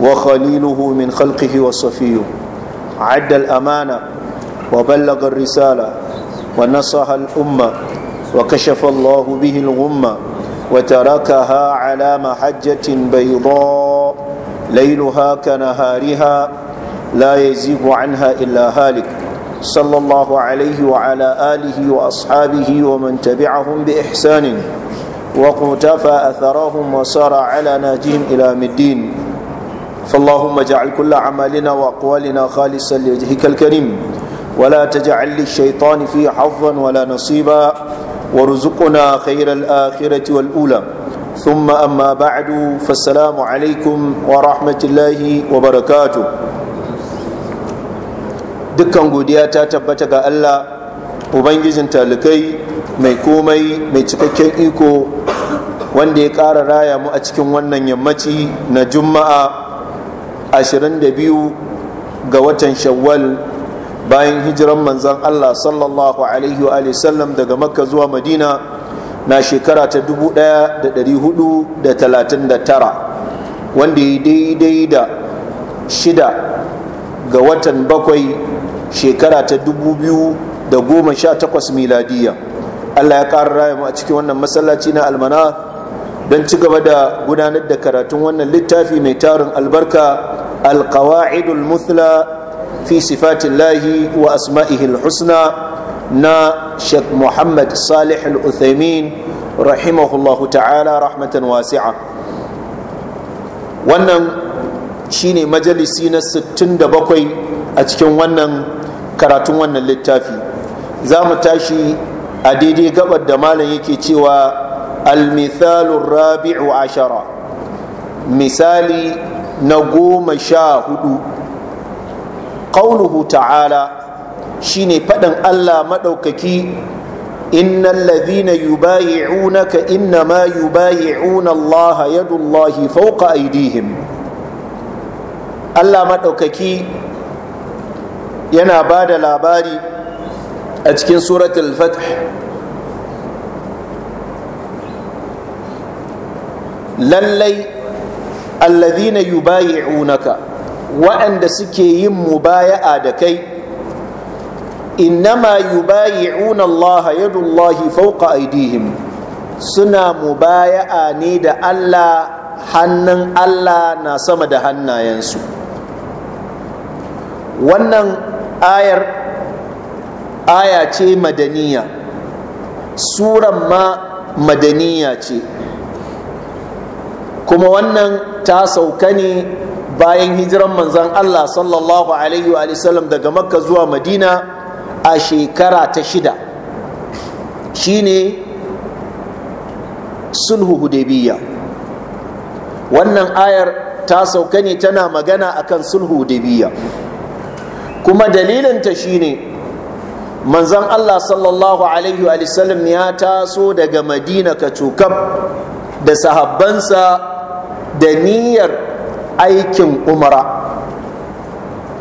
وخليله من خلقه وصفيه عد الأمانة وبلغ الرسالة ونصح الأمة وكشف الله به الغمة وتركها على محجة بيضاء ليلها كنهارها لا يزيغ عنها إلا هالك صلى الله عليه وعلى آله وأصحابه ومن تبعهم بإحسان وقتفى أثرهم وسار على ناجهم إلى مدين فاللهم اجعل كل اعمالنا واقوالنا خالصا لوجهك الكريم ولا تجعل للشيطان فيه حظا ولا نصيبا وارزقنا خير الاخره والاولى ثم اما بعد فالسلام عليكم ورحمه الله وبركاته dukkan godiya ta tabbata ga Allah ubangijin talikai mai komai mai cikakken iko wanda ya ƙara raya mu a cikin wannan yammaci na juma'a 22 ga watan shawwal bayan hijiran manzan Allah sallallahu alaihi wa sallam daga makka zuwa madina na shekara ta 1439 wanda ya daidai da shida ga watan bakwai shekara ta 2018 miladiya Allah ya ƙara raya a cikin wannan masallaci na almana don ci gaba da gudanar da karatun wannan littafi mai tarin albarka alkawa'idul muthla fi sifatillahi wa asma'ihil husna na sheikh muhammad salih al-uthaymin rahimahullahu ta'ala rahmatan wasi'a wannan shine majalisi na 67 a cikin wannan karatun wannan littafi za mu tashi a daidai gabar da malam yake cewa al almithalu rabi'u ashara misali na goma sha hudu ƙaunuhu ta'ala shine faɗan allah maɗaukaki innal ladhina yubayi'unaka innama yubayi'una allaha yadullahi fauka aydihim allah maɗaukaki yana ba da labari a cikin suratul fath lallai alladhina yubayi'unaka waɗanda suke yin mubaya'a da kai innama yubayi'una Allah yadullahi fawqa aydihim suna mubaya'a ne da Allah hannun Allah na sama da hannayensu wannan ayar aya ce madaniya suran ma madaniya ce kuma wannan ta sauka ne bayan hijiran manzan Allah sallallahu alaihi wa sallam daga makka zuwa madina a shekara ta shida shine sulhu hudebiya wannan ayar ta sauka ne tana magana akan sulhu hudebiya kuma dalilinta shine manzan Allah sallallahu alaihi wa sallam ya taso daga madina ka da sahabbansa da niyyar aikin umara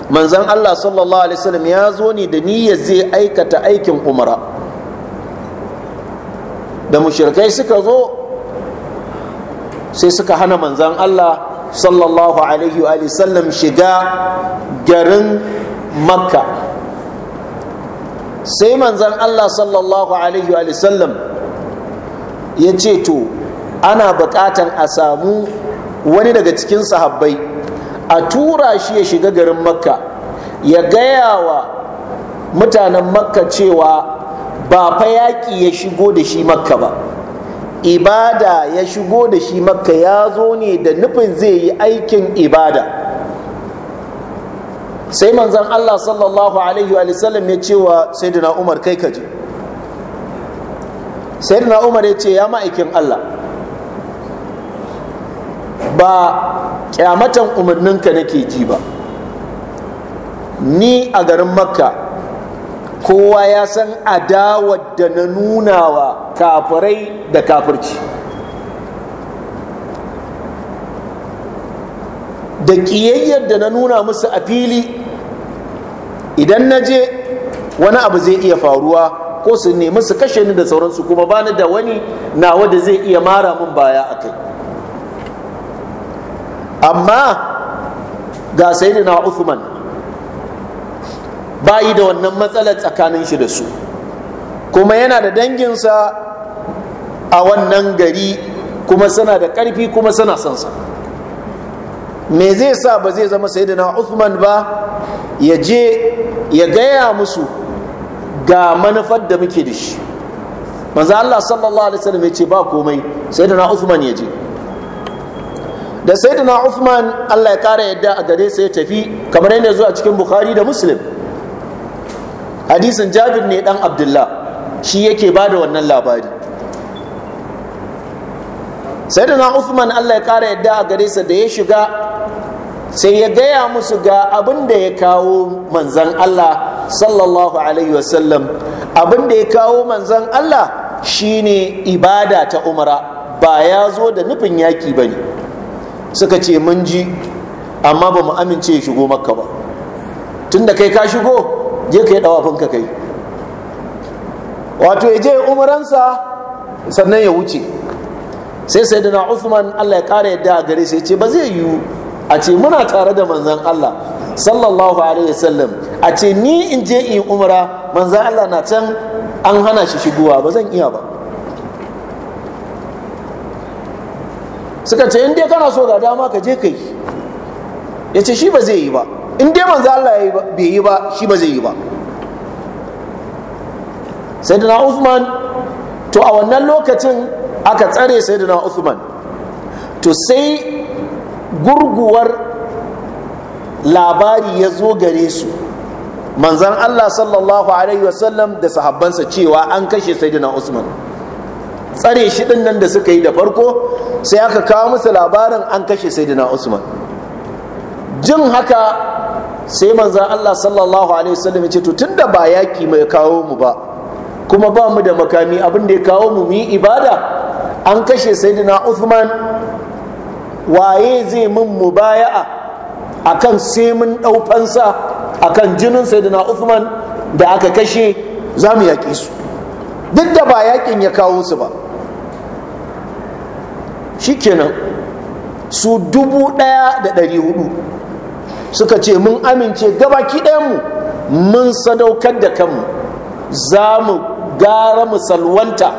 manzan Allah sallallahu alaihi wasallam ya zo ne da niyyar zai aikata aikin umara da mushrikai suka zo sai suka hana manzan Allah sallallahu alaihi wasallam shiga garin makka sai manzan Allah sallallahu alaihi wasallam ya ce to ana buƙatan a samu wani daga cikin sahabbai a tura shi ya shiga garin makka ya gaya wa mutanen makka cewa ba fa yaƙi ya shigo da shi makka ba ibada ya shigo da shi makka ya zo ne da nufin zai yi aikin ibada sai manzan allah sallallahu alaihi wa sallam ya cewa sai umar kai kaje sayyidina umar ya ce ya ma'aikin allah ba kyamatan umarninka nake ji ba ni a garin makka kowa ya san adawar da na nuna wa kafirai da kafirci da ƙiyayyar da na nuna musu a fili idan na je wani abu zai iya faruwa ko su nemi su kashe ni da sauransu kuma bani da wani nawa da zai iya mara mun baya a kai amma ga sayyidina Uthman bayi da wannan matsalar tsakanin shi da su kuma yana da danginsa a wannan gari kuma suna da ƙarfi kuma suna son me zai sa ba zai zama sayyidina Uthman ba ya je ya gaya musu ga manufar da muke da shi manzo Allah sallallahu alaihi wasallam ya ce ba komai sayyidina Uthman ya je da sayyidina Uthman Allah ya kara yadda a gare sa ya tafi kamar yadda zuwa cikin Bukhari da Muslim hadisin Jabir ne dan Abdullah shi yake bada wannan labari sayyidina Uthman Allah ya kara yadda a gare sa da ya shiga sai ya gaya musu ga abin da ya kawo manzan Allah sallallahu alaihi wasallam abin da ya kawo manzan Allah shine ibada ta umara ba ya zo da nufin yaki ba ne. suka ce mun ji amma ba mu amince ya shigo makka ba Tun da kai ka shigo je ka yi ka kai wato ya je umaransa sannan ya wuce sai sai da Uthman Allah ya kara yadda a gare sai ce ba zai yiwu a ce muna tare da manzan Allah sallallahu alaihi wasallam a ce ni in je in umara manzan Allah na can an hana shi shigowa ba zan iya ba suka ce in dai kana so ga dama ka je ka yi ya ce shi ba zai yi ba in dai manzo Allah bai yi ba shi ba zai yi ba sayyidina Uthman to a wannan lokacin aka tsare sayyidina Uthman to sai gurguwar labari ya zo gare su manzan Allah sallallahu alaihi wasallam da sahabbansa cewa an kashe sayyidina Usman tsare shi ɗin nan da suka yi da farko sai aka kawo musu labarin an kashe sayyidina usman jin haka sai manza allah sallallahu alaihi wasallam ya ce to tunda ba yaki mai kawo mu ba kuma ba mu da makami abin da ya kawo mu mu yi ibada an kashe sayyidina usman waye zai mun mubaya'a akan sai mun ɗau fansa akan jinin sayyidina usman da aka kashe za mu yaƙe su duk da ba yakin ya kawo su ba shikenan su dubu ɗaya da ɗari hudu suka ce mun amince gabaki ɗayanmu mun sadaukar da kanmu za mu gara mu salwanta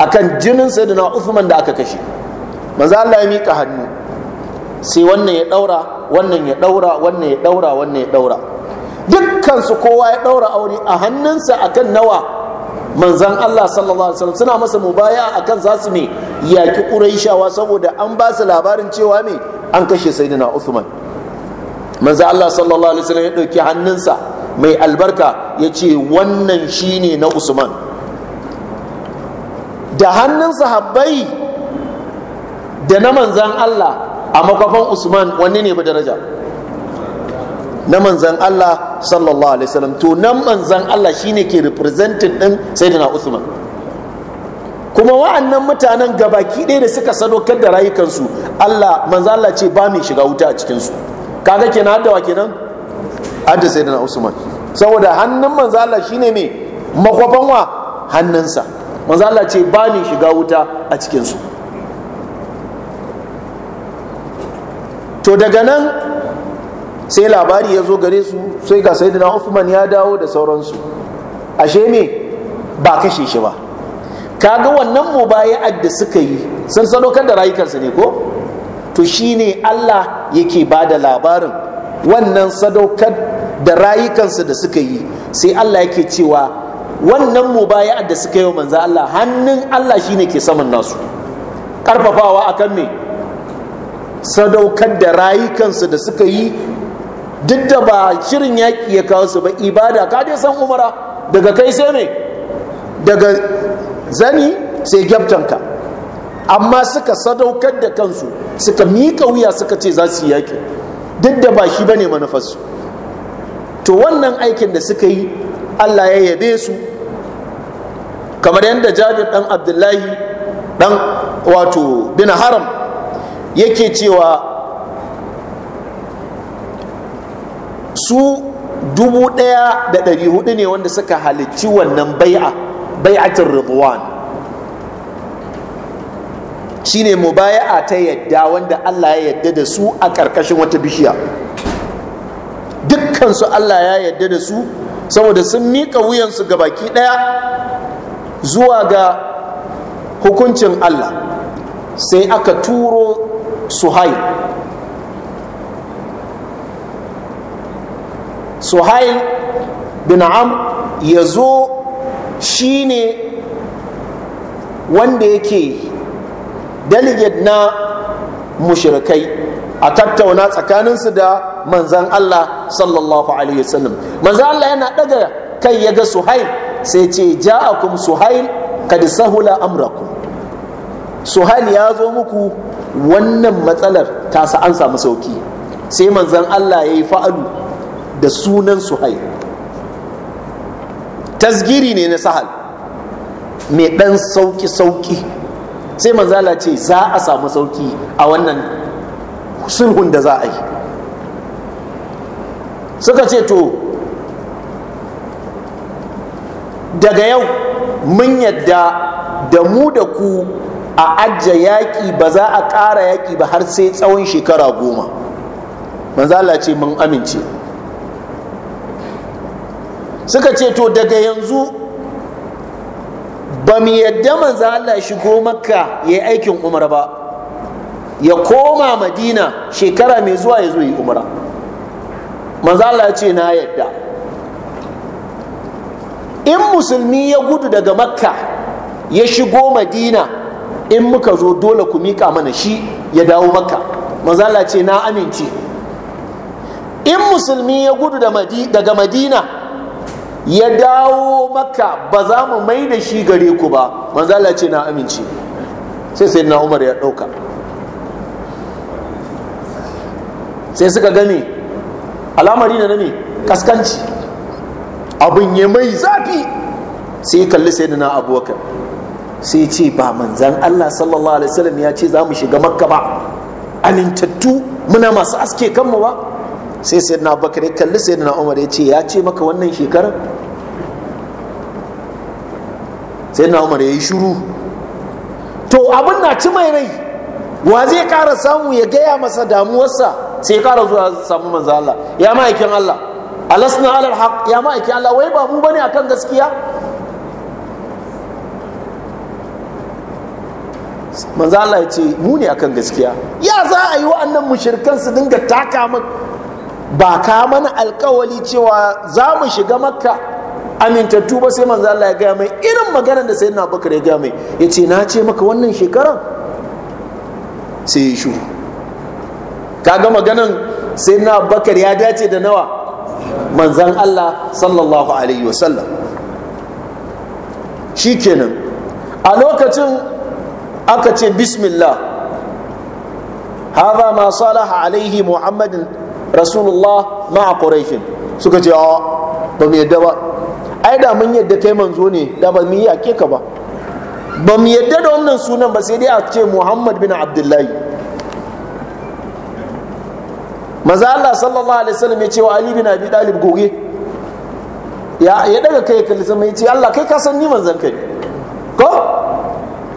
akan jinin sayyidina Uthman da aka kashe Maza Allah ya mika hannu sai wannan ya daura wannan ya daura wannan ya daura wannan ya daura dukkan kowa ya ɗaura aure a hannunsa akan nawa manzan Allah sallallahu alaihi wasallam suna masa mubaya akan za su me yaki ƙuraishawa saboda an ba su labarin cewa me an kashe sayyidina Uthman manzo Allah sallallahu alaihi wasallam ya ɗauki hannunsa mai albarka ya ce wannan shine na Usman da hannun sahabbai da na manzan Allah a makwafan Usman wanne ne ba daraja na manzan Allah sallallahu alaihi wasallam to nan manzan Allah shine ke representing din sayyidina Usman kuma wa'annan mutanen gabaki ɗaya da suka sadaukar da rayukansu Allah manzo Allah ce ba mai shiga wuta a cikin su kaga kenan haddawa kenan hadda sayyidina Usman saboda hannun manzo Allah shine me makwaban wa hannunsa manzo Allah ce ba mai shiga wuta a cikin to daga nan sai labari ya zo gare su sai ga sayyidina Usman ya dawo da sauransu ashe me ba kashe shi ba kaga wannan mubaya'ar da suka yi sun sadaukar da rayukansu ne ko to shine Allah yake ba da labarin wannan sadaukar da rayukansu da suka yi sai Allah yake cewa wannan mubaya'ar da suka yi wa manzo Allah hannun Allah shine ke saman nasu karfafawa akan me sadaukar da rayukansu da suka yi duk da ba shirin yaƙi ya kawo su ba ibada ka dai san umara daga kai sai me daga zani sai gyabtanka amma suka sadaukar da kansu suka miƙa wuya suka ce za su yi yaƙi duk da ba shi ba ne manufarsu to wannan aikin da suka yi allah ya yabe su kamar yadda jabir ɗan abdullahi ɗan wato bin haram yake cewa su dubu ɗaya da ɗari hudu ne wanda suka halicci wannan bai'a Bai bai'atul ridwan shine mubaya'a ta yadda wanda Allah ya yadda da su a ƙarƙashin wata bishiya dukkansu Allah ya yadda da su saboda sun miƙa wuyansu ga baki ɗaya zuwa ga hukuncin Allah sai aka turo suhail suhail bin am ya zo Shi ne wanda yake delegate na mushrikai a tattauna tsakaninsu da manzan Allah sallallahu alaihi wasallam manzan Allah yana daga kai ya ga suhail sai ce ja'akum suhail kad sahula amrakum suhail ya zo muku wannan matsalar ta sa an samu sauki sai manzan Allah ya yi fa'alu da sunan suhail tasgiri ne na sahal mai ɗan sauƙi-sauƙi sai manzala ce za a samu sauƙi a wannan sulhun da za a yi suka ce to daga yau mun yadda da mu da ku a ajiye yaƙi ba za a ƙara yaƙi ba har sai tsawon shekara goma manzala ce mun amince suka ce to daga yanzu ba mu yadda manzo Allah ya shigo makka ya yi aikin umar ba ya koma madina shekara mai zuwa ya zo yi umara manzo Allah ya ce na yadda in musulmi ya gudu daga makka ya shigo madina in muka zo dole ku miƙa mana shi ya dawo makka manzo Allah ce na amince in musulmi ya gudu daga madina ya dawo maka ba za mu mai da shi gare ku ba manzala ce na amince sai sai na umar ya ɗauka sai suka gane alamari na ne kaskanci abin ya mai zafi sai kalli sai na abuwa sai ce ba manzan allah sallallahu alaihi wasallam ya ce za mu shiga makka ba alintattu muna masu aske kanmu ba sai na bakar ya kalli sai na umar ya ce ya ce maka wannan shekarar Sai na umar ya yi shuru to abin na ci mai rai wa zai kara samu ya gaya masa damuwarsa sai ya kara zuwa samu manzo Allah ya ma'aikin Allah alasna alal haq ya ma'aikin Allah wai ba mu bane akan gaskiya manzo Allah ya ce mu ne akan gaskiya ya za a yi wa'annan mushrikan su dinga taka maka ba ka mana alkawali cewa za mu shiga makka amintattu ba sai manzo Allah ya gaya mai irin maganar da sayyidina Abubakar ya gaya mai yace na ce maka wannan shekaran sai ya shu kaga maganar sayyidina Abubakar ya dace da nawa manzan Allah sallallahu alaihi wasallam shikenan a lokacin aka ce bismillah هذا ما صالح عليه محمد rasulullah a quraishin suka ce a ba mu yadda ba ai da mun yadda kai manzo ne da ba mu yi a ka ba ba mu yadda da wannan sunan ba sai dai a ce muhammad bin abdullahi maza Allah sallallahu alaihi wasallam ya ce wa ali bin abi dalib goge ya daga kai kalli sama ya ce Allah kai ka san ni manzon kai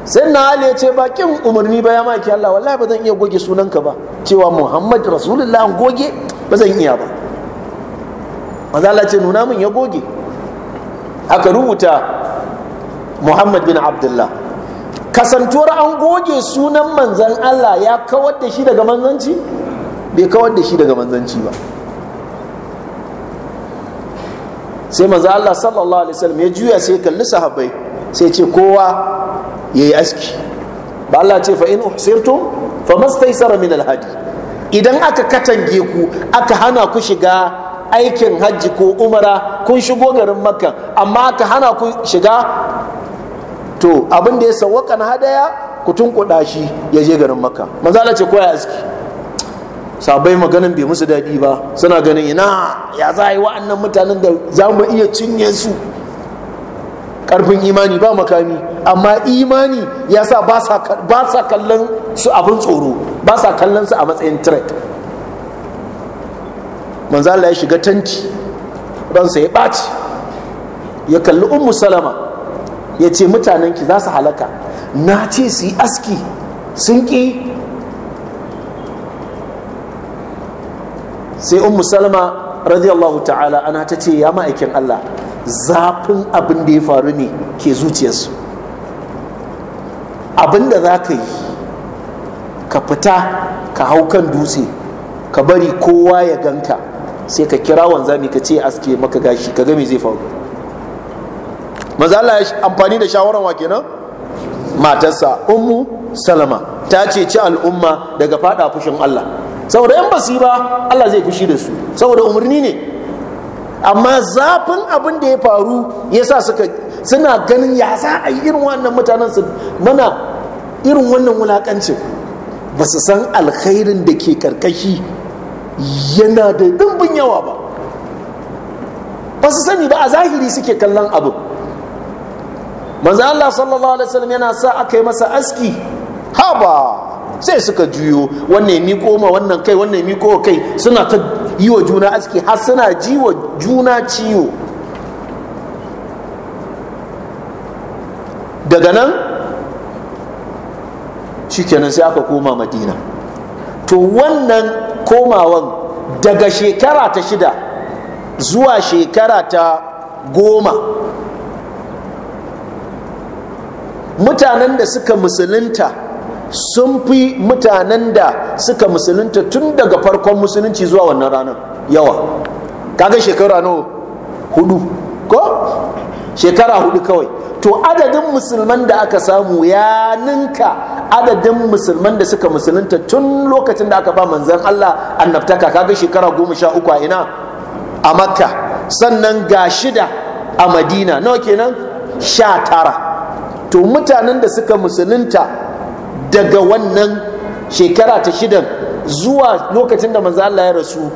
sai na hali ya ce bakin umarni ba ya maki Allah wallahi ba zan iya goge sunanka ba cewa Muhammad Rasulullah goge ba zan iya ba maza Allah ce nuna min ya goge aka rubuta Muhammad bin Abdullah kasantuwar an goge sunan manzan Allah ya kawar da shi daga manzanci bai kawar da shi daga manzanci ba sai manzo Allah sallallahu alaihi wasallam ya juya sai kalli sahabbai sai ce kowa yayi aski ba Allah ce fa in uhsirtum fa mastaysara min alhaji. idan aka katange ku aka hana ku shiga aikin hajji ko umara kun shigo garin makka amma aka hana ku shiga to abin da ya sawwaka na hadaya ku tunkuɗa shi ya je garin makka manzo Allah ce koya aski sabai maganin bai musu daɗi ba suna ganin ina ya za a yi wa'annan mutanen da za mu iya cinye su karfin imani ba makami amma imani ya sa ba sa kallon su abin tsoro ba sa kallon su a matsayin threat manzala ya shiga tanti ransa ya ɓaci ya kalli ummu salama ya ce mutanenki za su halaka na ce su yi aski sun ƙi sai ummu salama radiyallahu ta'ala ana ta ce ya ma'aikin Allah zafin abin da ya faru ne ke zuciyarsu abin da za ka yi ka fita ka hau kan dutse ka bari kowa ya ganka sai ka kira wanzami ka ce aske maka gashi ka ga zai faru maza Allah ya amfani da shawarar wake kenan matarsa ummu salama ta ce ci al'umma daga fada fushin Allah saboda yan basi ba Allah zai fushi da su saboda umarni ne amma zafin abin da ya faru ya sa suka suna ganin ya za a yi irin wannan mutanen su mana irin wannan wulakancin ba su san alkhairin da ke karkashi yana da dimbin yawa ba ba su sani ba a zahiri suke kallon abin manzo Allah sallallahu alaihi wasallam yana sa aka yi masa aski haba sai suka juyo wannan ya miko ma wannan kai wannan ya miko kai suna ta yi wa juna aski har suna ji wa juna ciwo daga nan shikenan sai aka koma madina to wannan komawan daga shekara ta shida zuwa shekara ta goma mutanen da suka musulunta sun fi mutanen da suka musulunta tun daga farkon musulunci zuwa wannan ranar yawa kaga shekara nawa hudu ko shekara hudu kawai to adadin musulman da aka samu ya ninka adadin musulman da suka musulunta tun lokacin da aka ba manzan Allah annabtaka kaga shekara goma sha uku a ina a makka sannan ga shida a madina nawa kenan sha tara to mutanen da suka musulunta daga wannan shekara ta shidan zuwa lokacin da manzo Allah ya rasu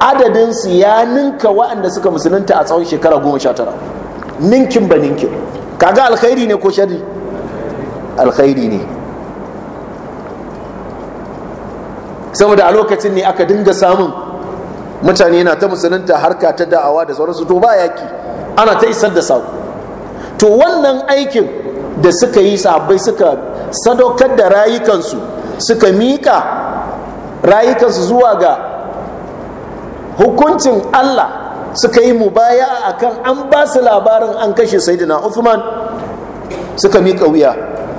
adadinsu ya ninka waɗanda suka musulunta a tsawon shekara goma sha tara ninkin ba ninkin kaga alkhairi ne ko shari alkhairi ne saboda a lokacin ne aka dinga samun mutane na ta musulunta harka ta da'awa da sauransu to ba yaki ana ta isar da saƙo to wannan aikin da suka yi sahabbai suka sadaukar da rayukansu suka miƙa rayukansu zuwa ga hukuncin Allah suka yi mubaya a kan an ba su labarin an kashe saidina Uthman suka miƙa wuya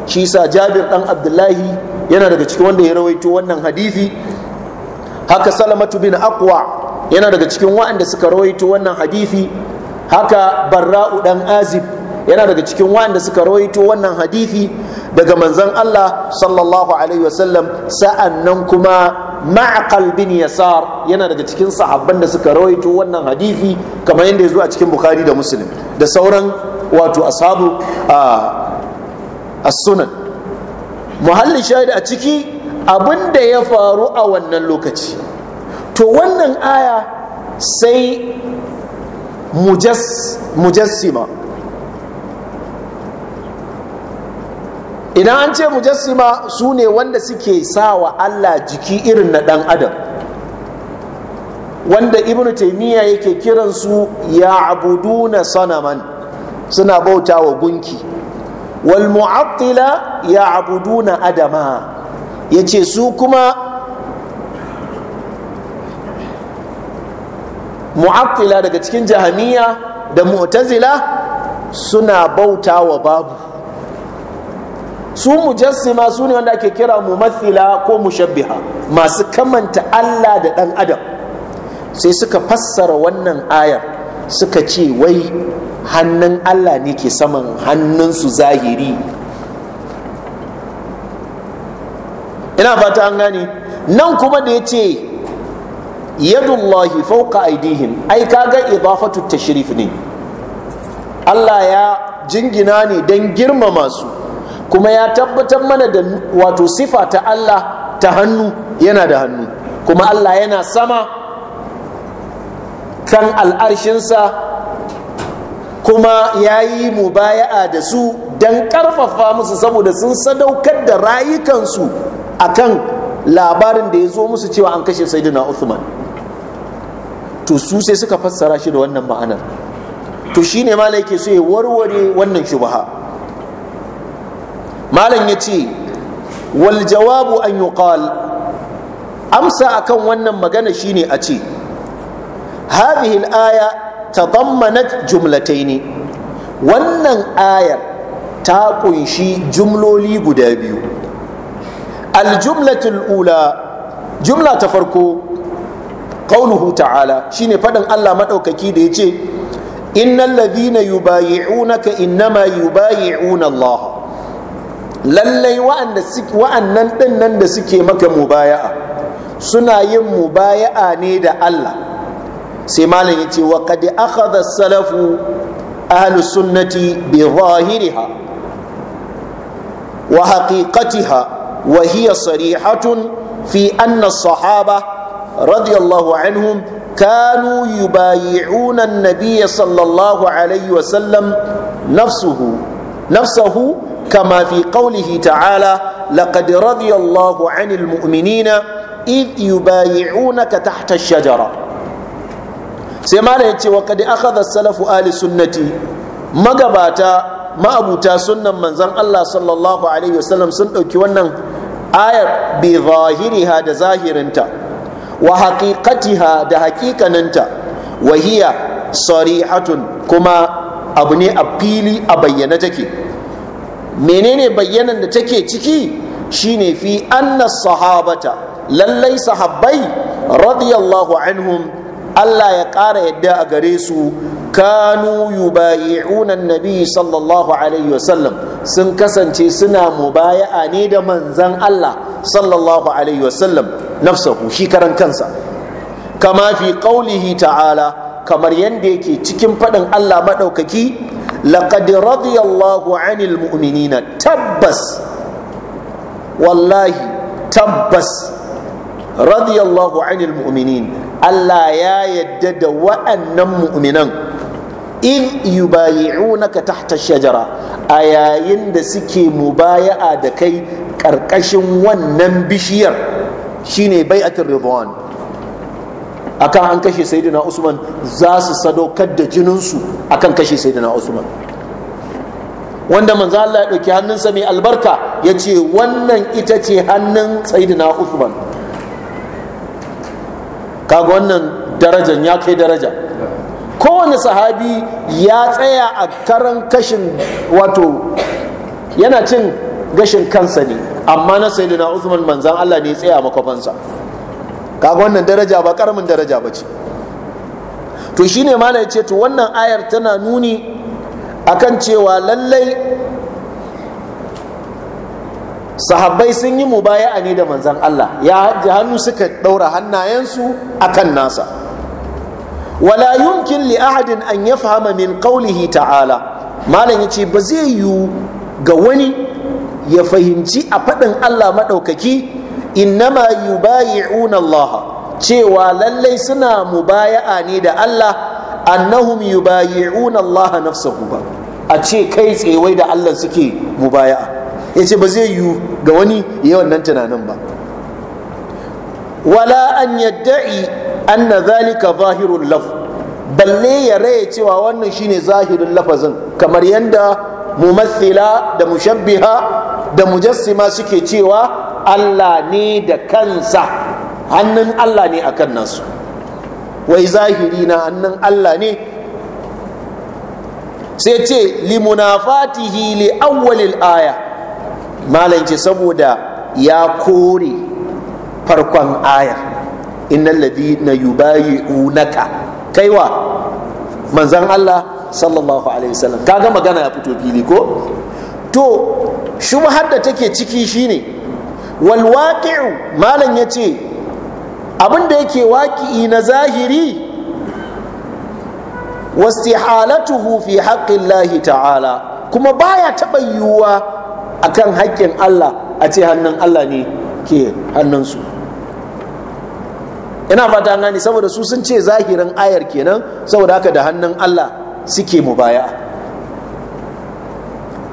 shi sa jabir ɗan abdullahi yana daga cikin wanda ya rawaito wannan hadithi haka salamatu bin akwa yana daga cikin waɗanda suka rawaito wannan hadithi haka barra'u ɗan azib yana daga cikin wanda suka rawaito wannan hadithi daga manzon Allah sallallahu alaihi wasallam nan kuma ma'aqal bin yasar yana daga cikin sahabban da suka rawaito wannan hadithi kamar yadda ya a cikin bukhari da muslim da sauran wato ashabu a sunan muhallin shahid a ciki abin da ya faru a wannan lokaci to wannan aya sai mujassima idan an ce mujassima su ne wanda suke sa wa Allah jiki irin na ɗan adam wanda ibn taimiyya yake kiransu ya abuduna sanaman suna bauta wa gunki wal mu'attila ya abuduna adama ya ce su kuma mu'attila daga cikin jahamiya da mu'tazila suna bauta wa babu su mujassima su ne wanda ake kira mu mumathila ko mu shabbiha. masu kamanta Allah da ɗan adam sai suka fassara wannan ayar suka ce wai hannun Allah ne ke saman hannunsu zahiri ina fata an gani. nan kuma da ya ce yadullahi fauka aidihim ai kaga idafatu tashrif ne Allah ya jingina ne don girmama su kuma ya tabbatar mana da wato sifa ta Allah ta hannu yana da hannu kuma Allah yana sama kan al'arshinsa kuma ya yi mubaya'a da su don ƙarfafa musu saboda sun sadaukar da rayukansu a kan labarin da ya zo musu cewa an kashe saidina Uthman to su sai suka fassara shi da wannan ma'anar to ne ma yake so ya warware wannan shubaha malam ya ce wal jawabu an yuqal amsa akan wannan magana shine a ce aya ta aya jumlatai ne. wannan ayar ta kunshi jumloli guda biyu aljumlatul ula jumla ta farko qauluhu ta'ala shine faɗin Allah maɗaukaki da yace innal ladhina yubayi'unaka innama yubayi'una Allah lallai wa'annan ɗin nan da suke maka mubaya'a suna yin mubaya'a ne da Allah sai malam ya ce wa kadi akhadha salafu ahlus sunnati bi zahiriha wa haqiqatiha wa hiya sarihatun fi anna sahaba radiyallahu anhum كانوا يبايعون النبي صلى الله عليه وسلم نفسه نفسه كما في قوله تعالى لقد رضي الله عن المؤمنين إذ يبايعونك تحت الشجرة سيمانا يتي وقد أخذ السلف آل سنتي مقباتا ما أبو تاسنا من زن الله صلى الله عليه وسلم سنة كيوانا آية بظاهرها دا ظاهر انت وحقيقتها دا حقيقة انت وهي صريحة كما أبني أبيلي أبينتك menene bayyanan da take ciki shine fi anna sahabata lallai sahabbai radiyallahu anhum Allah ya ƙara yadda a gare su kanu yubayi'una nabi sallallahu alaihi wasallam sun kasance suna mubaya'a ne da manzan Allah sallallahu alaihi wasallam nafsahu shi karan kansa kama fi qaulihi ta'ala kamar yadda yake cikin faɗin Allah maɗaukaki Lakadi radiyallahu anil mu'minina tabbas wallahi tabbas radiyallahu anil mu'minin Allah ya yadda da wa'annan mu'minan in yubayi'unaka tahta shajara a yayin da suke mubaya'a da kai karkashin wannan bishiyar shine bai'atul ridwan akan an kashe Saidina usman za su sadaukar da jininsu akan kashe sayyidina usman wanda manzo Allah ya ɗauki hannunsa mai albarka ya ce wannan ita ce hannun sayyidina usman kaga wannan darajar ya kai daraja kowane sahabi ya tsaya a karan kashin wato yana cin gashin kansa ne amma na sayyidina usman manzan Allah ne ya tsaya makwafansa kaga wannan daraja ba karamin daraja ba ce to shine malam ya ce to wannan ayar tana nuni akan cewa lallai sahabbai sun yi mubaya'a ne da manzan Allah ya hajji hannu suka ɗaura hannayensu akan nasa wala yumkin li ahadin an yafhama min qawlihi ta'ala malam yace ba zai yiwu ga wani ya fahimci a faɗin Allah maɗaukaki innama yubayi'una Allah cewa lallai suna mubaya'a ne da Allah annahum yubayi'una Allah nafsuhu ba a ce kai tsewai da Allah suke mubaya'a yace ba zai yiwu ga wani yayi wannan tunanin ba wala an yadda'i anna zalika zahirul laf balle ya raye cewa wannan shine zahirin lafazin kamar yanda mumathila da mushabbiha da mujassima suke cewa Allah ne da kansa hannun Allah ne a kan nasu wai zahiri na hannun Allah ne sai ce limunafatihi li awwalil aya malam saboda ya kore farkon aya innal ladina yubayi'unaka kaiwa manzan Allah sallallahu alaihi wasallam kaga magana ya fito fili ko to shubhar da take ciki shine Walwaki'u, malam yace abin da yake waqi'i na zahiri wasu wastihalatuhu fi lahi ta'ala kuma baya taɓa yiwuwa a kan haƙƙin Allah a ce hannun Allah ne ke hannunsu ina fata gani saboda su sun ce zahirin ayar kenan saboda haka da hannun Allah suke mu baya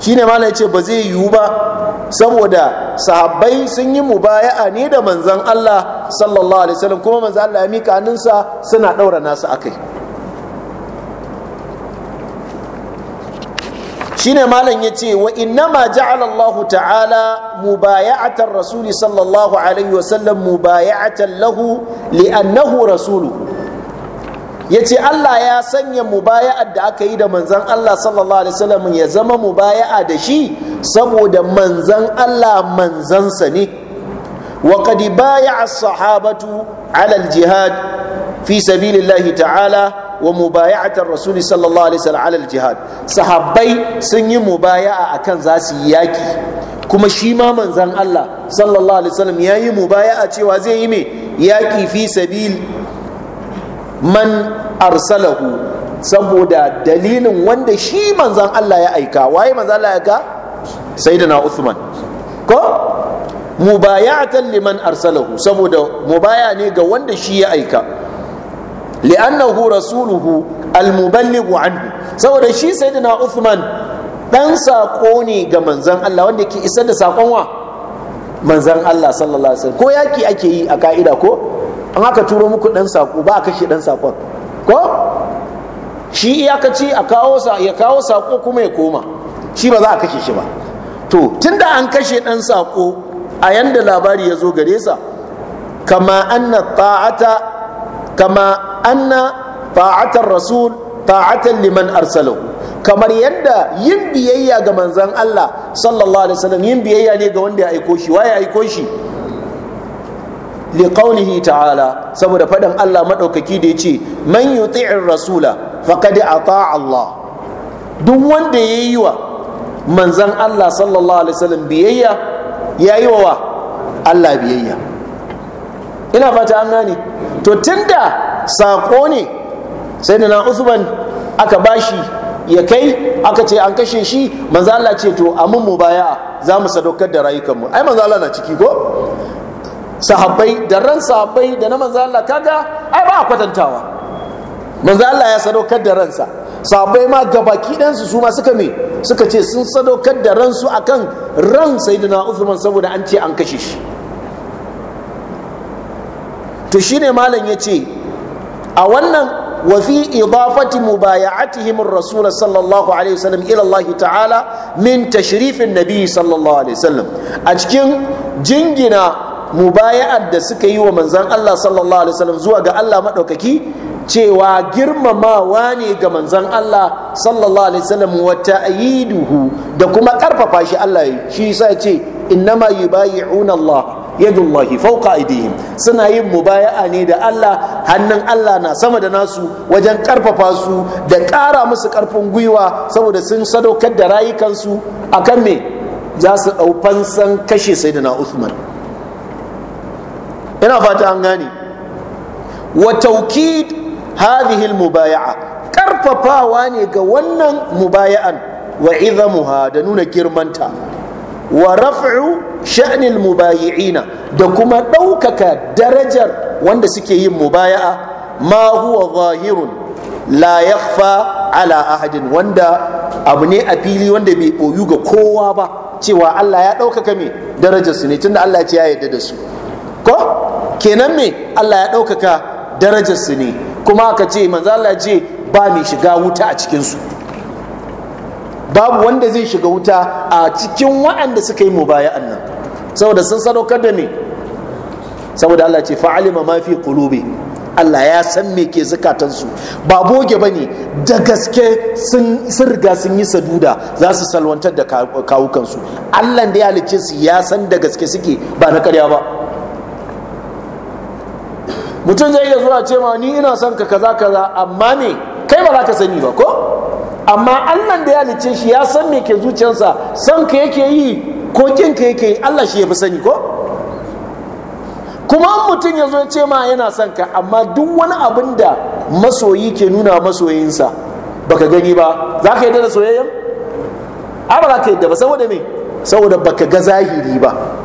shi ne ya ce ba zai yiwu ba saboda sahabbai sun yi mubaya'a ne da manzan Allah sallallahu alaihi wasallam kuma manzan Allah ya mika hannunsa suna ɗaura nasu akai shine malam ya ce wa ma ja'ala Allah ta'ala mubaya'atan rasuli sallallahu alaihi wasallam mubaya'atan lahu li'annahu rasulu ya ce Allah ya sanya mubaya'ar da aka yi da manzan Allah sallallahu alaihi wasallam ya zama mubaya'a da shi saboda manzan Allah manzansa ne wa qad baya'a sahabatu ala al-jihad fi sabilillahi ta'ala wa mubaya'atar rasuli sallallahu alaihi wasallam ala al-jihad sahabbai sun yi mubaya'a akan za su yi yaki kuma shi ma manzan Allah sallallahu alaihi wasallam ya yi mubaya'a cewa zai yi me yaki fi sabil man arsalahu saboda dalilin wanda shi manzan Allah ya aika waye manzan Allah ya aika sayyidina Uthman ko mubayatan liman arsalahu saboda mubaya ne ga wanda shi ya aika li'annahu rasuluhu almuballighu anhu saboda shi sayyidina Uthman dan sako ne ga manzan Allah wanda ke isar da sakon wa manzan Allah sallallahu alaihi wasallam ko yaki ake yi a ka'ida ko an aka turo muku dan sako ba a kashe dan sakon ko shi iyakaci a kawo sa ya kawo sako kuma ya koma shi ba za a kashe shi ba to tunda an kashe dan sako a yanda labari ya zo gare sa kama anna ta'ata kama anna ta'atar rasul ta'atan liman arsalahu kamar yadda yin biyayya ga manzan Allah sallallahu alaihi wasallam yin biyayya ne ga wanda ya aiko shi waye aiko shi liqaulihi ta'ala saboda faɗan Allah maɗaukaki da ya ce man yuti'ir rasula faqad ata Allah duk wanda ya wa manzan Allah sallallahu alaihi wasallam biyayya ya yi wa Allah biyayya ina fata an gane to tunda saƙo ne sai da na usman aka bashi ya kai aka ce an kashe shi manzo Allah ce to a mun baya za mu sadaukar da mu ai manzala Allah na ciki ko sahabbai da ran sahabbai da na manzo Allah kaga ai ba kwatantawa manzo Allah ya sadaukar da ransa sahabbai ma gabaki ɗansu su ma suka me suka ce sun sadaukar da ransu akan ran sayyidina Uthman saboda an ce an kashe shi to shine malam yace a wannan وفي إضافة مبايعتهم الرسول صلى الله عليه وسلم إلى الله تعالى من تشريف النبي صلى الله عليه A cikin jingina. mubaya'ar da suka yi wa manzan Allah sallallahu alaihi wasallam zuwa ga Allah maɗaukaki cewa girmamawa ne ga manzan Allah sallallahu alaihi wasallam wa ta'yiduhu da kuma ƙarfafa shi Allah yi shi yasa ce innama yubayi'una Allah yadullahi fawqa aydihim suna yin mubaya'a ne da Allah hannun Allah na sama da nasu wajen ƙarfafa su da ƙara musu ƙarfin gwiwa saboda sun sadaukar da rayukansu akan me za su ɗau fansan kashe na Usman. ina fata an gane wa taukid hadhihi almubaya'a karfafawa ne ga wannan mubaya'an wa idhamuha da nuna girmanta wa raf'u sha'nil mubayi'ina da kuma ɗaukaka darajar wanda suke yin mubaya'a ma huwa zahirun la yakhfa ala ahadin wanda abu ne a fili wanda bai boyu ga kowa ba cewa Allah ya ɗaukaka me darajarsu su ne tunda Allah ya yarda da su ko kenan me Allah ya ɗaukaka darajarsu ne kuma aka ce manzo Allah ce ba mai shiga wuta a cikinsu babu wanda zai shiga wuta a cikin waɗanda suka yi mubaya annan saboda sun sadaukar da me saboda Allah ce fa'alima ma fi qulubi Allah ya san me ke zukatansu ba boge ba ne da gaske sun riga sun yi saduda za su salwantar da kawukansu Allah da ya halicce su ya san da gaske suke ba na karya ba mutum zai iya zuwa ce ma ni ina son ka kaza kaza amma ne kai ba za ka sani ba ko amma allah da ya halicce shi ya san me ke zuciyarsa san ka yake yi ko kin ka yake yi allah shi ya fi sani ko kuma mutum ya zo ce ma yana son ka amma duk wani abin da masoyi ke nuna masoyinsa baka gani ba za ka yadda da soyayyen? a ba za ka yadda ba saboda me saboda baka ga zahiri ba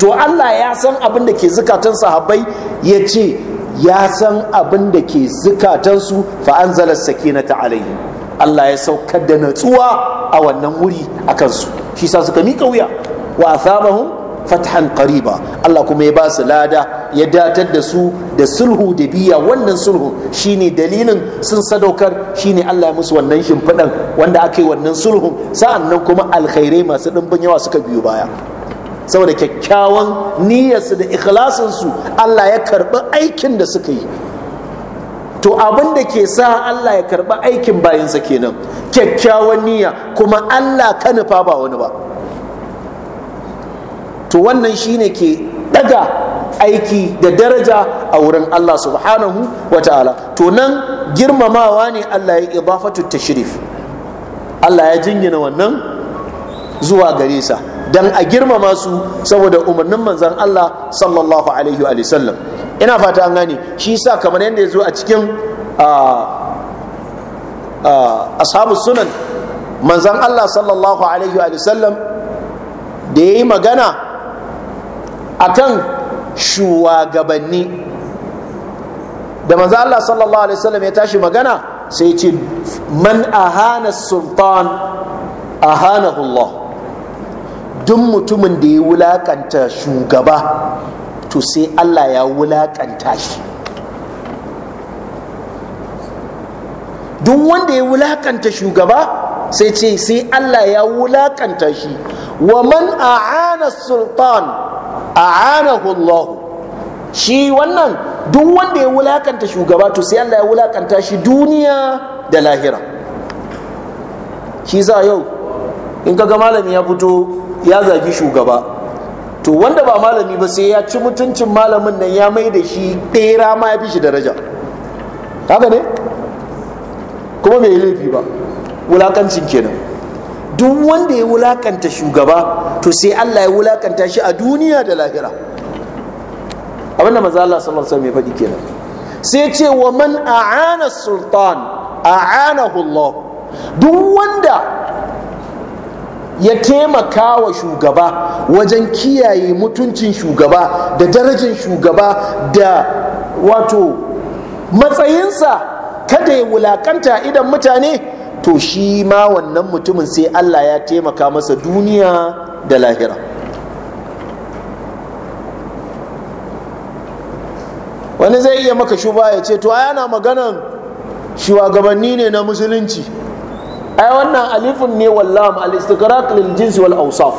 to Allah ya san abin da ke zukatan sahabbai ya ce ya san abin da ke zukatansu fa anzala sakinata alaihim Allah ya saukar da natsuwa a wannan wuri a kansu shi sa suka mika wuya wa athabahum fathan qariba Allah kuma ya ba su lada ya datar da su da sulhu da biya wannan sulhu shine dalilin sun sadaukar shine Allah ya musu wannan shimfiɗan wanda aka yi wannan sulhun sa'annan kuma alkhairai masu ɗimbin yawa suka biyo baya saboda kyakkyawan niyyarsu da ikhlasinsu Allah ya karɓi aikin da suka yi to abin da ke sa Allah ya karɓi aikin bayansa kenan kyakkyawan niyya kuma Allah ka nufa ba wani ba to wannan shine ke daga aiki da daraja a wurin Allah subhanahu wa ta'ala to nan girmamawa ne Allah ya idafatu tashrif Allah ya jingina wannan zuwa gare sa dan a girmama su saboda umarnin manzon Allah sallallahu alaihi wa sallam ina fata an gane shi sa kamar yadda yazo a cikin ashabu sunan manzon Allah sallallahu alaihi wa sallam da yayi magana akan shugabanni da manzo Allah sallallahu alaihi wasallam ya tashi magana sai ya ce man ahana sultan ahanahu Allah duk mutumin da ya wulakanta shugaba to sai allah ya wulakanta shi duk wanda ya wulakanta shugaba sai ce sai allah ya wulakanta shi wa man a'ana sultan a'anahu allah shi wannan duk wanda ya wulakanta shugaba to sai allah ya wulakanta shi duniya da lahira shi za yau in ka ga malami ya fito ya zagi shugaba to wanda ba malami ba sai ya ci mutuncin malamin nan ya mai da shi ɗera ma ya fi shi daraja haka ne kuma bai laifi ba wulakancin kenan duk wanda ya wulakanta shugaba to sai Allah ya wulakanta shi a duniya da lahira abin da maza Allah sallallahu alaihi wasallam ya faɗi kenan sai ce wa man a'ana sultan a'anahu Allah duk wanda ya taimaka wa shugaba wajen kiyaye mutuncin shugaba da darajin shugaba da wato matsayinsa kada ya wulakanta idan mutane to shi ma wannan mutumin sai Allah ya taimaka masa duniya da lahira wani zai iya maka shuba ya ce to yana maganan shugabanni ne na musulunci ai wannan alifun ne wallam al-istiqraq lil jins wal awsaf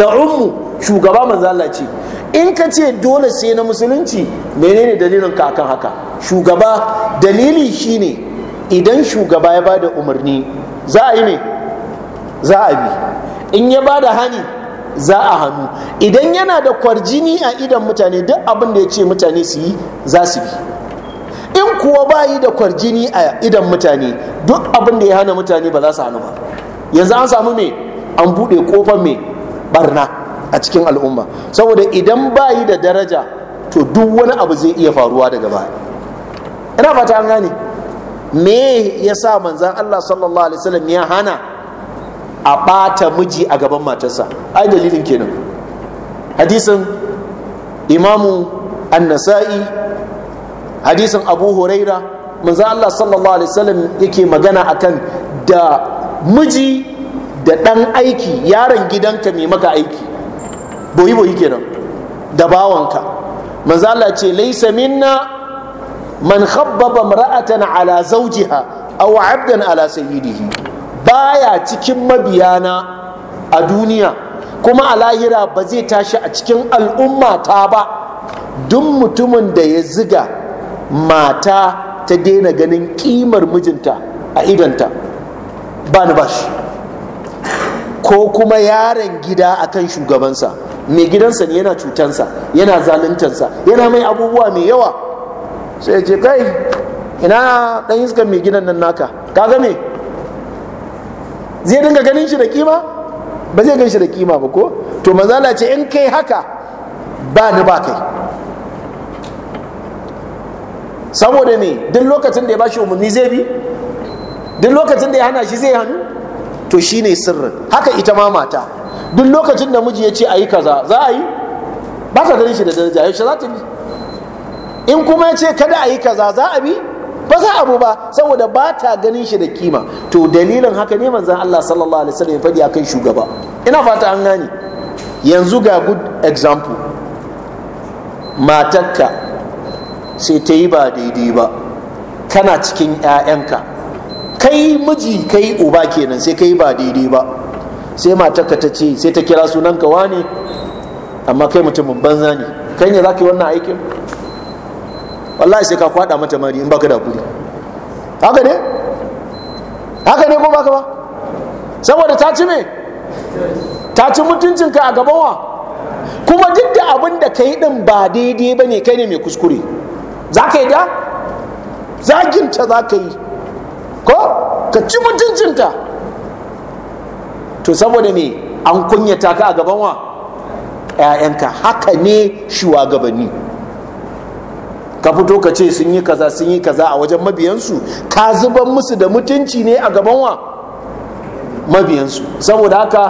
ummu shugaba manzo Allah ce in ka ce dole sai na musulunci menene dalilin ka akan haka shugaba dalili shine idan shugaba ya bada umarni za a yi ne za a bi in ya bada hani za a hannu idan yana da kwarjini a idan mutane duk abin da ya ce mutane su yi za su bi kuwa bayi da kwarjini a idan mutane duk abin da ya hana mutane ba za su hannu ba yanzu an samu me an buɗe kofar me barna a cikin al'umma saboda idan bayi da daraja to duk wani abu zai iya faruwa daga baya ina fata an gane me ya sa manzan Allah sallallahu alaihi wasallam ya hana a ɓata miji a gaban matarsa ai dalilin kenan hadisin imamu an-nasa'i hadisin abu huraira manzo Allah sallallahu alaihi wasallam yake magana akan da miji da ɗan aiki yaron gidanka mai maka aiki boyi boyi kenan da bawanka manzo Allah ce laisa minna man khabbaba imra'atan ala zawjiha aw 'abdan ala sayyidihi baya cikin mabiyana a duniya kuma a lahira ba zai tashi a cikin al'umma ta ba duk mutumin da ya ziga mata ta daina ganin kimar mijinta a idanta ba ni bashi ko kuma yaron gida akan shugabansa mai gidansa ne yana cutansa yana zaluntansa yana mai abubuwa mai yawa sai ce kai ina dan iskan mai gidan nan naka kaga me zai dinga ganin shi da kima ba zai gan shi da kima ba ko to manzala ce in kai haka ba ni ba kai saboda me duk lokacin da ya bashi umarni zai bi duk lokacin da ya hana shi zai hannu to shine sirrin haka ita ma mata duk lokacin da miji ya ce a yi kaza za a yi ba ta ganin shi da daraja yaushe za ta bi in kuma ya ce kada a yi kaza za a bi ba za abu ba saboda ba ta ganin shi da kima to dalilin haka ne manzan Allah sallallahu alaihi wasallam ya faɗi akan shugaba ina fata an gane yanzu ga good example matakka sai ta yi ba daidai ba kana cikin 'ya'yanka kai miji kai uba kenan sai kai ba daidai ba sai matarka ta ce sai ta kira sunanka ne. amma kai mutumin banza ne kai ne za ka yi wannan aikin wallahi sai ka kwada mata mari in baka da kuri haka ne haka ne ko baka ba saboda ta ci me ta ci mutuncinka a gaban wa kuma duk da abin da ka yi din ba daidai ba ne kai ne mai kuskure za ka yi da zaginta za ka yi ko ka ci mutuncinta to saboda ne an kunyata ka a gaban wa 'ya'yanka haka ne shugabanni ka fito ka ce sun yi kaza sun yi kaza a wajen mabiyansu ka zuban musu da mutunci ne a gaban wa mabiyansu saboda haka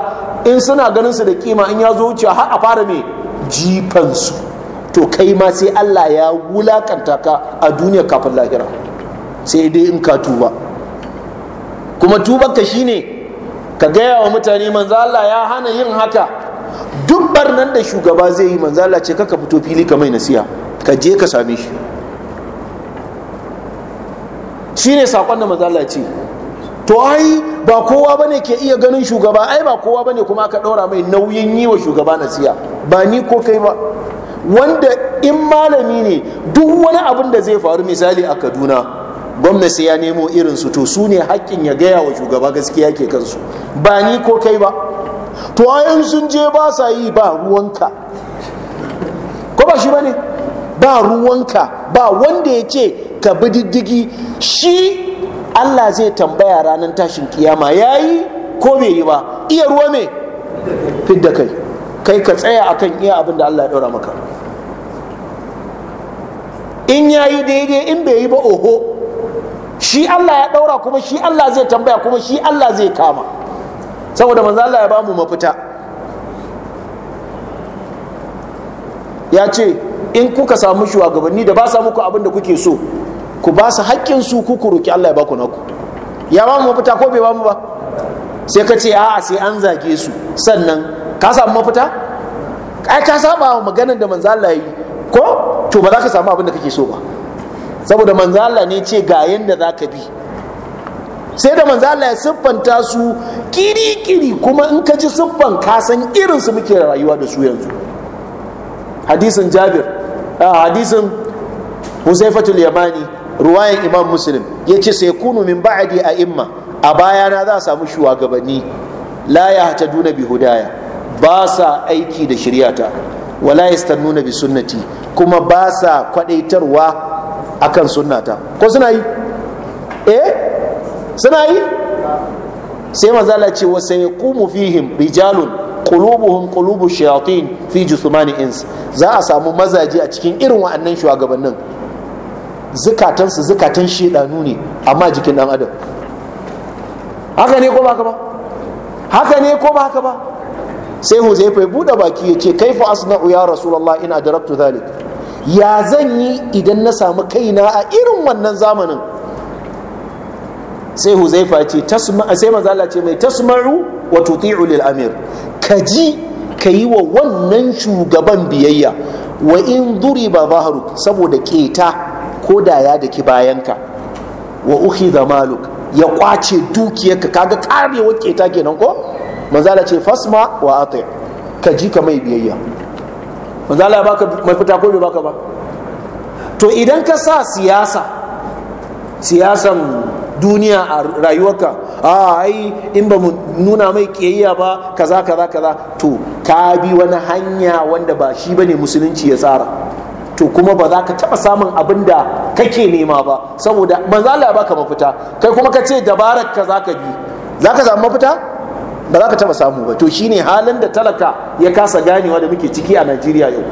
in suna ganin su da kima in ya zo wuce har a fara mai jifansu to kai ma sai Allah ya wulakanta ka a duniya kafin lahira sai dai in ka tuba kuma tubanka shine ka gaya wa mutane manzo Allah ya hana yin haka duk barnan da shugaba zai yi manzo Allah ce kaka fito fili ka mai nasiha ka je ka same shi shine sakon da manzo Allah ce to ai ba kowa bane ke iya ganin shugaba ai ba kowa bane kuma aka ɗora mai nauyin yi wa shugaba nasiha ba ni ko kai ba wanda in malami ne duk wani abin da zai faru misali a kaduna gwamnati ya nemo irin su to su ne hakkin ya gaya wa shugaba gaskiya ke kansu ba ni ko kai ba to sun je ba sa yi ba ruwanka ko ba shi ba ne ba ruwanka ba wanda ya ce ka bi diddigi shi allah zai tambaya ranar tashin kiyama ya yi ko bai yi ba iya ruwa me fidda kai kai ka tsaya akan iya abin da allah ya ɗaura maka in ya yi daidai in bai yi ba oho shi Allah ya ɗaura kuma shi Allah zai tambaya kuma shi Allah zai kama saboda manzo Allah ya ba mu mafita ya ce in kuka samu shugabanni da ba sa muku abin da kuke so ku ba su haƙƙin su kuku roki Allah ya ba ku naku ya ba mu mafita ko bai ba mu ba sai ka ce a'a sai an zage su sannan ka samu mafita ai ka saba wa maganar da manzo Allah yi ko to ba za ka samu abin da kake so ba saboda manzo Allah ne ce ga yanda za ka bi sai da manzo Allah ya siffanta su kiri-kiri kuma in ka ji siffan ka san irin su muke rayuwa da su yanzu hadisin Jabir hadisin Huzaifatul Yamani ruwayan Imam Muslim yace sai kunu min ba'di a imma a baya na za a samu shugabanni la ya duna bi hudaya ba sa aiki da shiryata wala yastannuna bi sunnati kuma ba sa kwadaitarwa akan sunnata ko suna yi eh suna yi sai mazala ce wa sayqumu fihim rijalun qulubuhum qulubu shayatin fi jusmani ins za a samu mazaji a cikin irin wa'annan shugabannin zukatansu zukatan shedanu ne amma jikin dan adam haka ne ko ba haka ba haka ne ko ba haka ba sai huzaifa ya buɗe baki ya ce fa asna'u ya rasulullah ina adraktu zalik ya zan yi idan na samu kaina a irin wannan zamanin sai huzaifa ce sai manzala ce mai tasma'u wa tuti'u lil amir ka ji ka yi wa wannan shugaban biyayya wa in duriba zahruk saboda keta ko da ya daki bayanka wa ukhidha maluk ya kwace dukiyarka kaga karewa keta kenan ko manzala ce fasma wa ati ka ji ka mai biyayya manzala ya baka mafita ko bai baka ba to idan ka sa siyasa siyasan duniya a rayuwarka a ai in ba mu nuna mai kiyayya ba kaza kaza kaza to ka bi wani hanya wanda ba shi bane musulunci ya tsara to kuma ba za ka taɓa samun abin da kake nema ba saboda manzo Allah ya baka mafita kai kuma ka ce dabarar ka za ka bi za ka samu mafita ba za ka taba samu ba to shine halin da talaka ya kasa ganewa da muke ciki a najeriya yau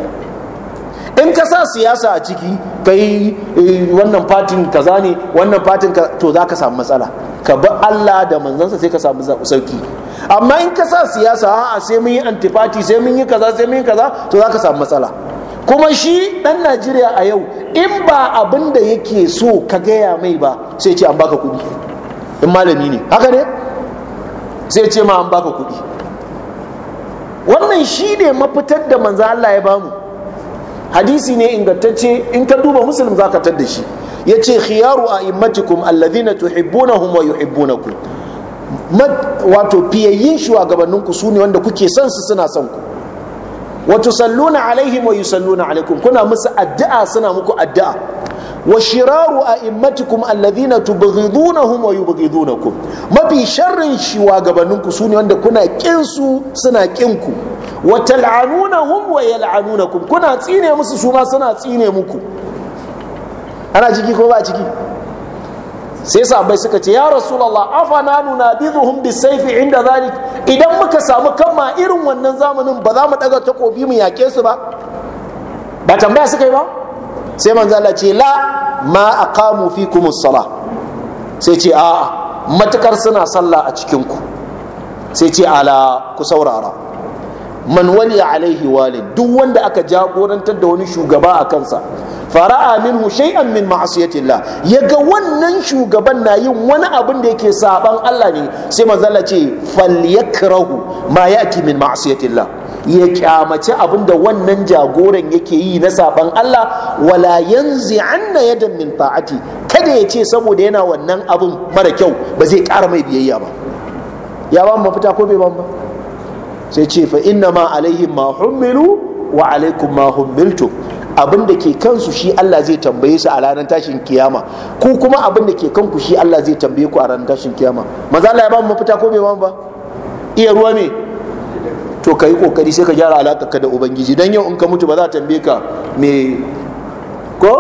in ka sa siyasa a ciki kai eh, wannan fatin kaza ne wannan fatin ka to za ka samu matsala ka bi allah da manzansa sai ka samu sauki amma in ka sa siyasa a sai mun yi antifati sai mun yi kaza sai mun yi kaza to za ka samu matsala kuma shi dan najeriya a yau in ba abin da yake so ka gaya mai ba sai ce an baka kuɗi in malami ne haka ne sai ce ma an baka kuɗi wannan shi ne mafitar da manzo Allah ya bamu hadisi ne ingantacce in ka duba musulun za ka tadda shi ya ce khiyaru a immatikum alladhina tuhibbunahum wa yuhibbunakum wato fiyayyin shugabanninku su ne wanda kuke son su suna son ku wa tusalluna alaihim wa yusalluna alaikum kuna musu addu'a suna muku addu'a wa shiraru a'immatikum alladhina tubghidunahum wa yubghidunakum mafi sharrin shugabanninku sune wanda kuna kin su suna kin ku wa tal'anunahum wa kuna tsine musu su ma suna tsine muku ana ciki ko ba ciki sai sahabbai suka ce ya rasu rasulullah afana nunadizuhum bisayfi inda zalik idan muka samu kama irin wannan zamanin ba za mu daga takobi mu yake su ba ba tambaya suka yi ba sai manzo Allah ce la ma aqamu fikum as-sala sai ce a matukar suna sallah a cikin ku sai ce ala ku saurara man wali alaihi wali duk wanda aka jagorantar da wani shugaba a kansa fara'a minhu shay'an min ma'asiyatillah yaga wannan shugaban na yin wani abin da yake saban Allah ne sai manzo Allah ce falyakarahu ma ya'ti min ma'asiyatillah ya kyamaci abin da wannan jagoran yake yi na saban Allah wala yanzu anna yadan min ta'ati kada ya ce saboda yana wannan abin mara kyau ba zai ƙara mai biyayya ba ya ba mafita ko bai ban ba sai ce fa inna ma alaihim ma hummilu wa alaikum ma hummiltum abin da ke kansu shi Allah zai tambaye su a ranar tashin kiyama ku kuma abin da ke kanku shi Allah zai tambaye ku a ranar tashin kiyama maza Allah ya ba mu mafita ko bai ba iya ruwa ne. to ka yi kokari sai ka gyara alakaka da ubangiji don yau in ka mutu ba za a tambaye ka me ko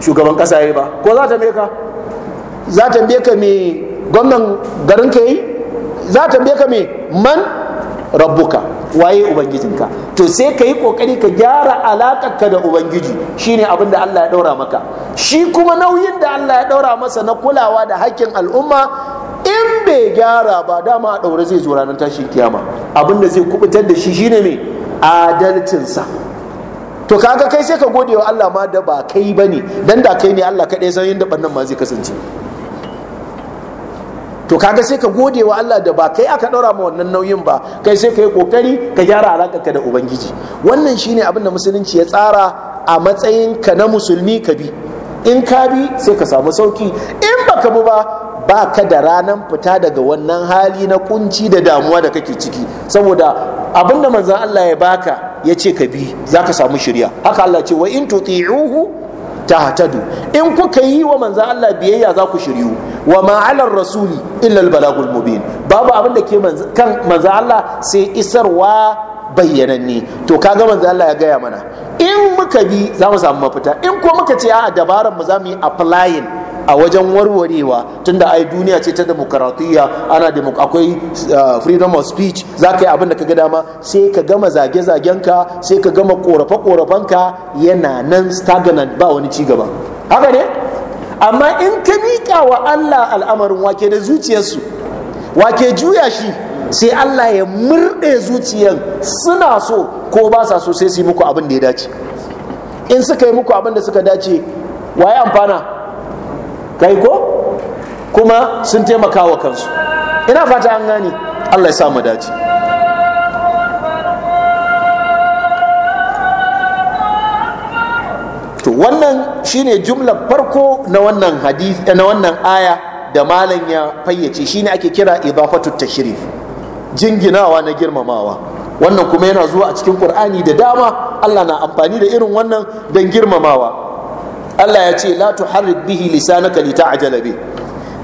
shugaban kasa ya ba ko za a tambaye ka za a tambaye ka me gwamnan garin ka yi za a tambaye ka me man rabbuka waye ubangijinka to sai ka yi kokari ka gyara alakaka da ubangiji shine abin da Allah ya daura maka shi kuma nauyin da Allah ya daura masa na kulawa da haƙƙin al'umma in bai gyara ba dama a ɗaure zai zo ranar tashin kiyama abinda zai kubutar da shi shine mai adalcinsa to kaga kai sai ka gode wa Allah ma da ba kai bane dan da kai ne Allah dai san yanda bannan ma zai kasance to kaga sai ka gode wa Allah da ba kai aka daura ma wannan nauyin ba kai sai kai kokari ka gyara ka da ubangiji wannan shine abin da musulunci ya tsara a matsayin ka na musulmi ka bi in ka bi sai ka samu sauki in baka bi ba ba ka da ranan fita daga wannan hali na kunci da damuwa da kake ciki saboda abinda manzan Allah ya baka ya ce ka bi za ka samu shirya haka Allah ce wa in tuti'uhu tahtadu in kuka yi wa manzan Allah biyayya za ku shiryu wa ma'alar rasuli illa balagul mubin babu abinda ke kan manzan Allah sai isarwa bayyananne to kaga manzan Allah ya gaya mana in muka bi za mu samu mafita in ko muka ce a dabaran mu za mu yi applying a wajen warwarewa tunda ai duniya ce ta demokaratiyya ana akwai ah, freedom of speech za ka yi abin da ka ga dama sai ka gama zage-zagenka sai ka gama korafe-korafenka yana nan stagnant ba wani ci gaba haka ne amma in ka miƙa wa allah al'amarin wake da zuciyarsu wake juya shi sai allah ya murɗe zuciyar suna so ko ba sa so sai su yi muku abin da ya dace in suka yi muku abin da suka dace waye amfana kai ko kuma sun taimaka wa kansu ina fata an gani allah ya sa mu dace to wannan shine jumla farko na wannan hadith na wannan aya da malam ya fayyace shine ake kira idafatu tashrif jinginawa na girmamawa wannan kuma yana zuwa a cikin qur'ani da dama allah na amfani da irin wannan don girmamawa Allah ya ce la tuharrik bihi lisanaka a bi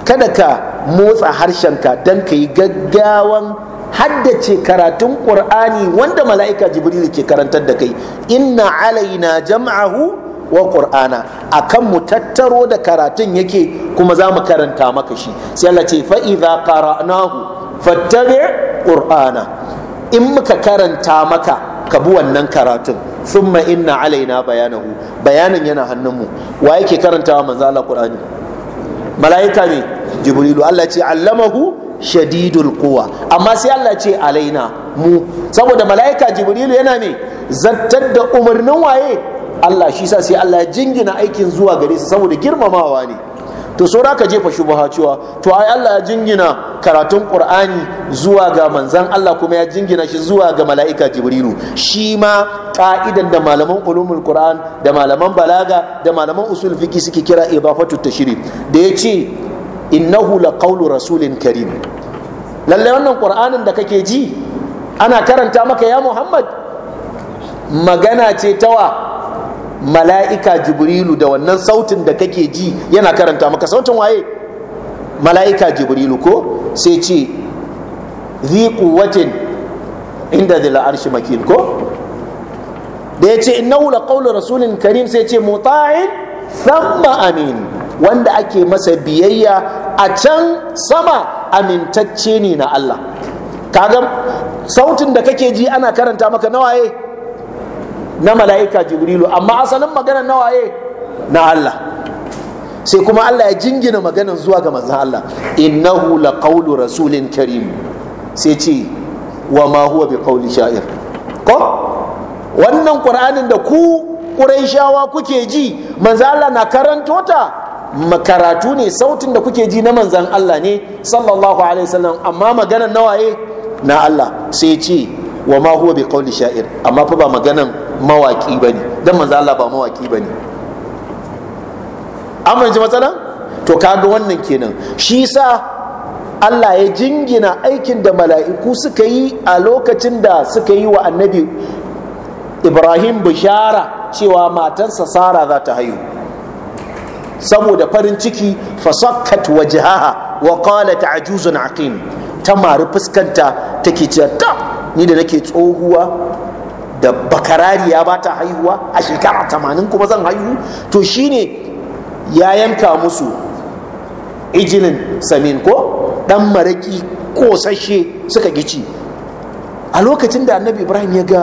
kada ka motsa harshenka dan ka yi gaggawan haddace karatun qur'ani wanda mala'ika jibril ke karantar da kai inna alaina jam'ahu wa qur'ana akan mu tattaro da karatun yake kuma za mu karanta maka shi sai Allah ce fa idza qara'nahu fattabi' qur'ana in muka karanta maka ka bi wannan karatun thumma inna alaina bayanahu bayanin yana hannunmu wa yake karantawa manzo Allah Qur'ani malaika ne jibrilu Allah ce allamahu shadidul quwa amma sai Allah ce alaina mu saboda malaika jibrilu yana ne zartar da umarnin waye Allah shi sa sai Allah ya jingina aikin zuwa gare su saboda girmamawa ne to saura ka jefa shubha cewa to ai Allah ya jingina karatun Qur'ani zuwa ga manzan Allah kuma ya jingina shi zuwa ga mala'ika Jibrilu shi ma ka'idan da malaman ulumul Qur'an da malaman balaga da malaman usul fiqi suke kira ibafatu tashrif da yace innahu laqawlu rasulin karim lalle wannan Qur'anin da kake ji ana karanta maka ya Muhammad magana ce tawa mala'ika jibrilu da wannan sautin da kake ji yana karanta maka sautin waye mala'ika jibrilu ko sai ce zi kuwatin inda zila arshi makin ko da ya ce innahu wula ƙaunar rasulun karim sai ce muta'in thamma amin wanda ake masa biyayya a can sama amintacce ne na Allah kaga sautin da kake ji ana karanta maka nawaye na mala'ika jibrilu amma asalin magana na waye na Allah sai kuma Allah ya jingina magana zuwa ga manzon Allah innahu laqawlu rasulin karim sai ce wa ma huwa biqawli sha'ir ko wannan qur'anin da ku quraishawa kuke ji manzon Allah na karanto ta makaratu ne sautin da kuke ji na manzan Allah ne sallallahu alaihi wasallam amma maganan nawaye na Allah sai ce wa ma huwa bi sha'ir amma fa ba maganan mawaki bane don manzo Allah ba mawaki bane an fahimci matsalan to kaga wannan kenan shi sa Allah ya jingina aikin da mala'iku suka yi a lokacin da suka yi wa annabi Ibrahim bishara cewa matansa Sara za ta haihu saboda farin ciki fasakkat wajhaha wa qalat ajuzun aqim ta mari fuskanta take cewa ta ni da nake tsohuwa da bakarariya ba ta haihuwa a shekara tamanin kuma zan haihu to shine ya yanka musu ijilin samin ko dan maraki sashe suka gici a lokacin da annabi ibrahim ya ga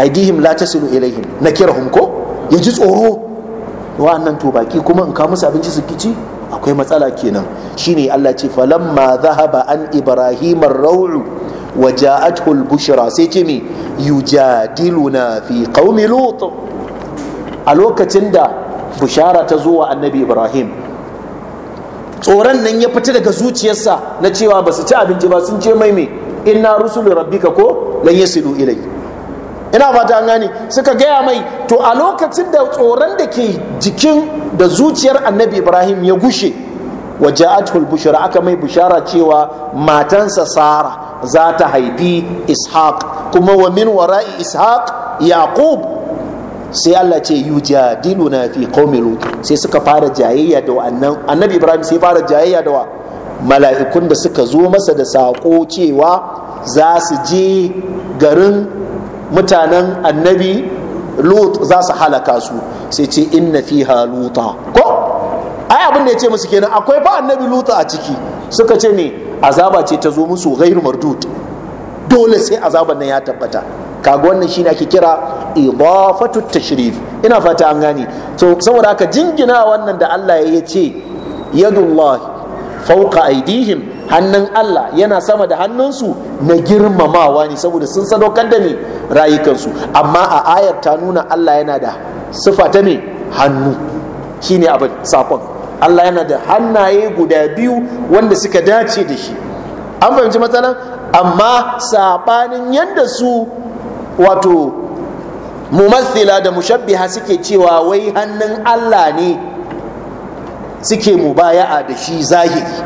aidihim la tasilu ilaihim na kirahum ko ya ji tsoro wa'annan to baki kuma in ka musu abinci su kici akwai matsala kenan shine Allah ce falamma zahaba an ibrahim ar-raw'u wa ja'atuhu al-bushra sai ce mi yujadiluna fi a lokacin da bushara ta zo wa annabi ibrahim tsoron nan ya fita daga zuciyarsa na cewa ba su ci abinci ba sun ce mai me inna rusulu rabbika ko lan yasilu ilai ina fata an gane suka gaya mai to a lokacin da tsoron da ke jikin da zuciyar annabi ibrahim ya gushe wa ja'atul bushra aka mai bushara cewa matansa sara za ta haifi ishaq kuma wa min wara'i ishaq yaqub sai Allah ce yujadiluna fi qaumi lut sai suka fara jayayya da wannan annabi ibrahim sai fara jayayya da mala'ikun da suka zo masa da sako cewa za su je garin mutanen annabi lut za su halaka su sai ce inna fiha luta ko ai abin da ya ce musu kenan akwai ba annabi lutu a ciki suka ce ne azaba ce ta zo musu ghairu mardud dole sai azaban nan ya tabbata kaga wannan shine ake kira idafatu tashrif ina fata an gane to saboda haka jingina wannan da Allah ya ce yadullah fauka aidihim hannun Allah yana sama da hannunsu na girmamawa ne saboda sun sadaukar da ne rayukansu amma a ayar ta nuna Allah yana da sifa ta ne hannu shine abin sakon Allah yana da hannaye guda biyu wanda suka dace da shi an fahimci matsalan amma saɓanin yadda su wato mumathila da mushabbiha suke cewa wai hannun Allah ne suke mubaya'a da shi zahiri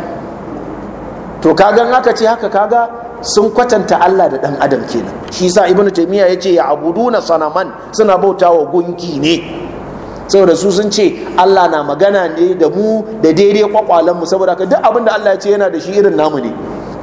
to kagan aka ce haka kaga sun kwatanta Allah da ɗan adam kenan shi sa ibnu taymiya yace ya abuduna sanaman suna bautawa gunki ne saboda su sun ce Allah na magana ne da mu da daidai kwakwalen mu saboda duk abin da Allah ya ce yana da shi irin namu ne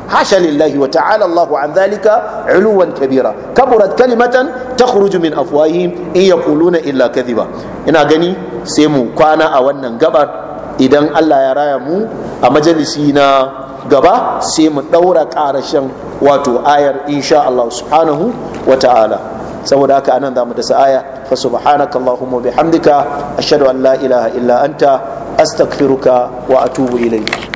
hasha lillahi wa ta'ala Allah an zalika uluwan kabira kaburat kalimatan ta takhruju min afwahihim in ya yaquluna illa kadhiba ina gani sai mu kwana a wannan gabar idan Allah ya raya mu a majalisi na gaba sai mu daura karashen wato ayar insha Allah subhanahu wa ta'ala saboda haka anan zamu dasa aya fa subhanaka allahumma bihamdika ashhadu an la ilaha illa anta astaghfiruka wa atubu ilayk